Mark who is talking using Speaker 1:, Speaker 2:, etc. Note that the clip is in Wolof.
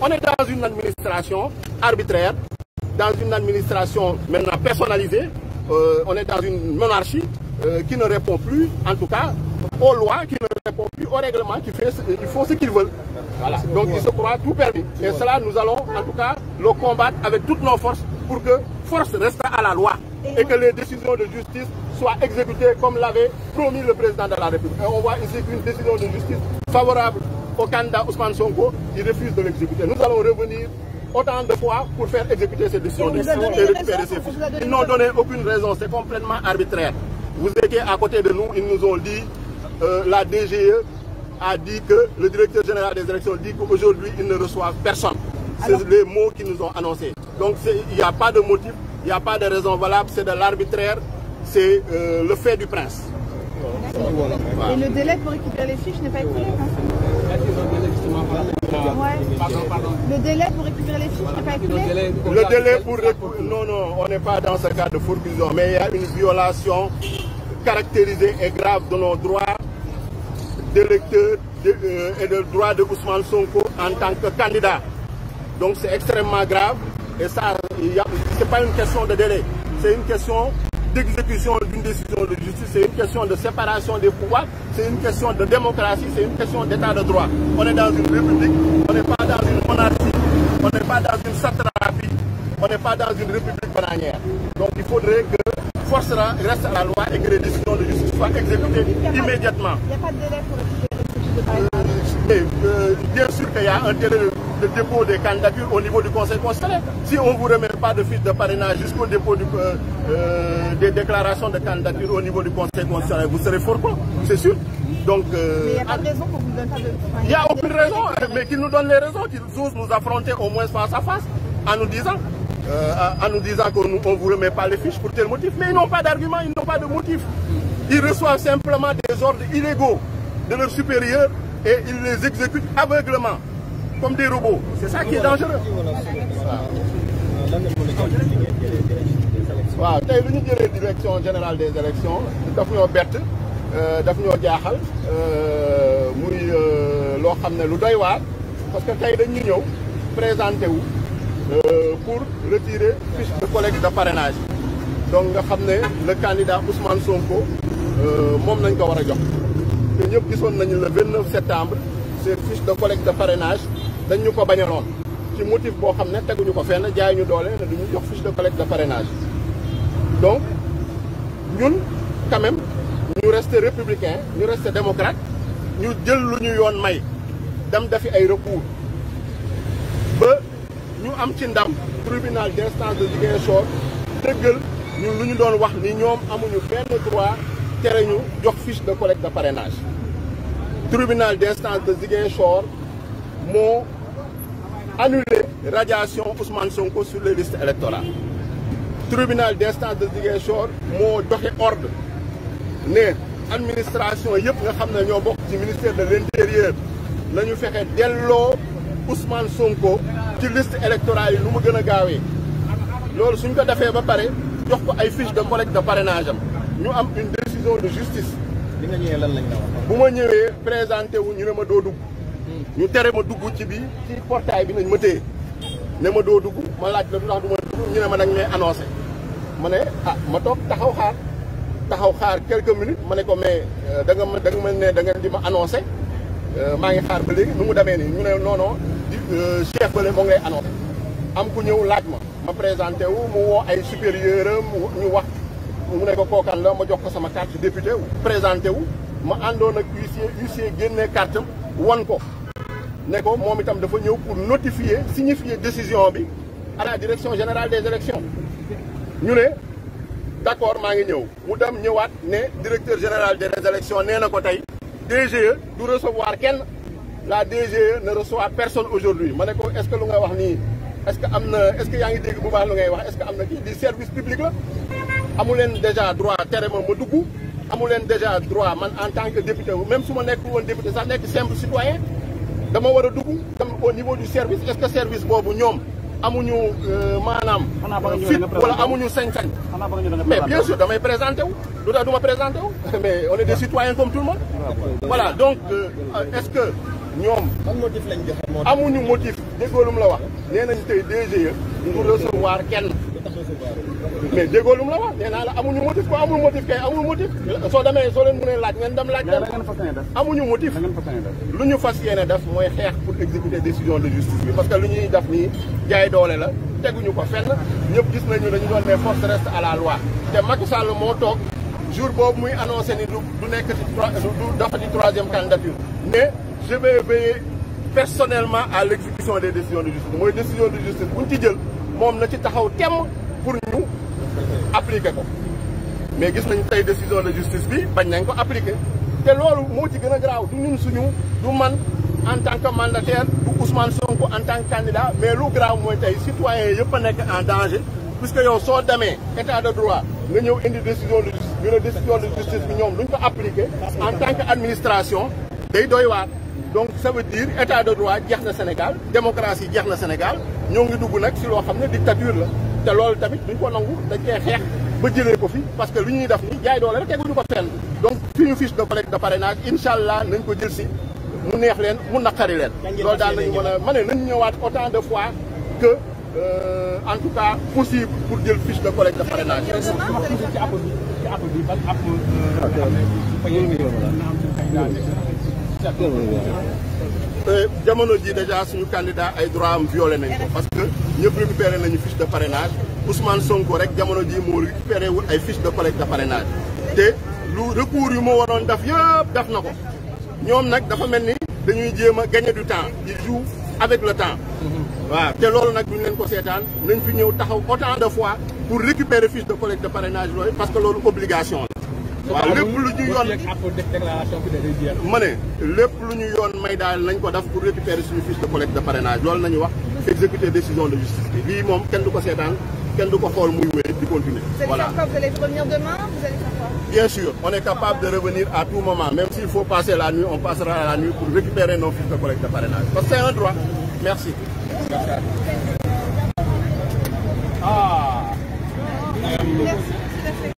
Speaker 1: On est dans une administration arbitraire, dans une administration maintenant personnalisée, euh, on est dans une monarchie euh, qui ne répond plus, en tout cas, aux lois, qui ne répond plus aux règlements, qui, fait, ce qu'ils veulent. Donc ils se croient tout permis. Et cela, nous allons, en tout cas, le combattre avec toutes nos forces pour que force reste à la loi et que les décisions de justice soient exécutées comme l'avait promis le président de la République. Et on au candidat Ousmane Sonko, il refuse de l'exécuter. Nous allons revenir autant de fois pour faire exécuter ces décisions et récupérer ces fils. Ils n'ont donné aucune raison, c'est complètement arbitraire. Vous étiez à côté de nous, ils nous ont dit, euh, la DGE a dit que, le directeur général des élections dit qu'aujourd'hui, ils ne reçoivent personne. C'est Alors... les mots qu'ils nous ont annoncés. il n'y a pas de motif, il n'y a pas de raison valable, c'est de l'arbitraire, c'est euh, le fait du prince. Et le délai pour récupérer les fiches n'est pas écoulé. Le délai pour récupérer les fiches n'est pas écoulé. Le délai pour récupérer... Non, non, on n'est pas dans ce cas de fourcusion, mais il y a une violation caractérisée et grave de nos droits d'électeurs euh, et de droits de Ousmane Sonko en tant que candidat. Donc c'est extrêmement grave et ce n'est pas une question de délai, c'est une question d'exécution d'une décision de justice, c'est une question de séparation des pouvoirs, c'est une question de démocratie, c'est une question d'état de droit. On est dans une république, on n'est pas dans une monarchie, on n'est pas dans une satrapie, on n'est pas dans une république bananière. Donc il faudrait que force reste à la loi et que les décisions de justice soient exécutées immédiatement. Il a pas de euh, euh, Bien sûr qu'il y a un de dépôt des candidatures au niveau du Conseil constitutionnel. Si on vous remet pas de fiche de parrainage jusqu'au dépôt du, euh, euh de candidature au niveau du Conseil constitutionnel, vous serez fort quoi, c'est sûr. Donc, euh, il n'y a pas de aucune raison, mais qu'ils nous donnent les raisons, qu'ils osent nous affronter au moins face à face en nous disant euh, en qu'on vous remet pas les fiches pour tel motif. Mais ils n'ont pas d'argument, ils n'ont pas de motif. Ils reçoivent comme des robots. C'est ça qui waaw tey dañu ñu direction générale des élections daf ñoo bett euh, daf ñoo jaaxal euh, muy euh, loo xam ne lu doy waar parce que tey dañ ñëw présenté wu pour retirer fiche de collecte de parrainage donc nga xam ne le candidat Ousmane Sonko moom nañ ko war a jox te ñëpp gisoon nañu le 29 septembre ces fiches de collecte de parrainage dañu ñu ko bañaloon ci motif boo xam ne teguñu ko fenn jaay ñu doole ne duñu jox fiche de collecte de parrainage donc ñun quand ñu rester républicain ñu rester démocrate ñu jël lu ñu yoon may dem dafi ay recours ba ñu am ci ndam tribunal d'instance de Ziguinchor dëggal ñun lu ñu doon wax ni ñoom amuñu benn droit tere ñu jox fiche de collecte de parrainage tribunal d'instance de Ziguinchor moo annuler radiation Ousmane Sonko sur les listes électorales tribunal d'instance de Ziguinchor moo joxe ordre ne administration yëpp nga xam ne ñoo bokk ci ministère de l'intérieur la ñu fexe delloo Ousmane Sonko ci liste électorale yi lu ma gën a gaawee loolu suñ ko defee ba pare jox ko ay fiche de collecte de parrainage am ñu am une décision de justice. ñëwee lan la bu ma ñëwee présenté wu ñu ne ma doo dugg. ñu tere ma dugg ci bi ci portail bi nañ ma téye ne ma doo dugg ma laaj la du tax du ma dugg ñu ne ma dañ may annoncé ma ne a ah ma toog taxaw xaar taxaw xaar quelques minutes ma ne ko mais euh, danga ma da ma ne da nga di ma annoncé euh, maa ngi xaar ba nu mu demee nii ñu ne non non di euh, chef bële moo ngi lay annoncé am ku ñëw laaj ma ma présenté wu mu woo ay supérieur am ñu wax mu ne ko kookan la ma jox ko sama carte député wu présenté wu ma àndoon ak huissier huissier génnee carte wan ko ne ko moom itam dafa ñëw pour notifier signifier décision bi à la direction générale des élections ñu ne d'accord maa ngi ñëw mu dem ñëwaat ne directeur général des élections nee na ko tey DGE du recevoir kenn la DGE ne reçoit personne aujourd'hui ma ne ko est-ce que lu nga wax nii est-ce que am na est-ce que yaa ngi dégg bu baax lu ngay wax est-ce que am na kii di service public la amu leen déjà droit tere ma ma dugg amu leen déjà droit man tant que député même su ma nekk woon député sax nekk simple citoyen dama war a dugg dem au niveau du service est-ce que service boobu ñoom amuñu euh, maanaam fit wala amuñu sañ-sañ mais bien sûr damay présenté wu lu tax du ma présenté wu mais on est des citoyens comme tout le monde voilà donc euh, est-ce que ñoom amuñu motif déggoo lu mu la wax nee nañ tey DGE du recevoir kenn mais déggoo lu mu la wax nee naa la amuñu motif ko amul motif kay leen dem laaj dem amuñu motif lu ñu fas yéene def mooy xeex pour exécuter décision de justice bi parce que lu ñuy def nii jaay doole la teguñu ko fenn ñëpp gis nañu dañu doon ne force reste à la loi te Macky Sall moo toog jour boobu muy annoncé ni du du nekk ci du dafa di troisième candidature mais je personnellement à l'exécution des de justice décision de justice buñ ci jël moom na ci taxaw temm pour ñu appliqué ko mais gis nañ tey décision de justice bi bañ nañ ko appliqué te loolu moo ci gën a garaaw du ñun suñu du man en tant que mandataire du Ousmane Sonko en tant que candidat mais lu garaaw mooy tey citoyen yëpp a nekk en danger puisque yow soo demee état de droit nga ñëw indi décision de justice bi ñoom duñ ko appliqué en tant que administration day doy waar donc ça veut dire état de droit jeex na Sénégal démocratie jeex na Sénégal ñoo ngi dugg nag si loo xam ne dictature la te loolu tamit duñ ko nangu dañ koy xeex ba jëlee ko fi parce que lu ñuy def ni jaay doole rek teguñu ko fenn donc suñu fiche de collecte de parrainage incha allah nañ ko jël si mu neex leen mu naqari leen loolu daal nañu mën a ma ne nañ ñëwaat autant de fois que en tout cas possible pour jël fiche de collecte de parrainage ci Euh, jamono ji déjà suñu candidat ay droit am violé nañ ko parce que ñëpp récupéré nañu fiche de parrainage Ousmane Sonko rek jamono ji moo récupéré wul ay fiche de collecte de parrainage te lu recours yu ma waroon def yëpp def na ko ñoom nag dafa mel ni dañuy jéem a gagner du temps ils jouent avec le temps waaw te loolu nag duñ leen ko seetaan nañ fi ñëw taxaw autant de fois pour récupérer fiche de collecte de parrainage yooyu parce que loolu obligation la waaw lépp lu ñu yoon ma lépp lu ñu yoon may daal nañ ko def pour récupérer suñu fiche de collecte de parrainage loolu nañu wax exécuter décision de justice bi lii moom kenn du ko seetaan kenn du ko xool muy wéy di continuer voilà vous allez bien sûr on est capable de revenir à tout moment même s'il faut passer la nuit on passera à la nuit pour récupérer nos fiches de collecte de parrainage parce que c'est un droit merci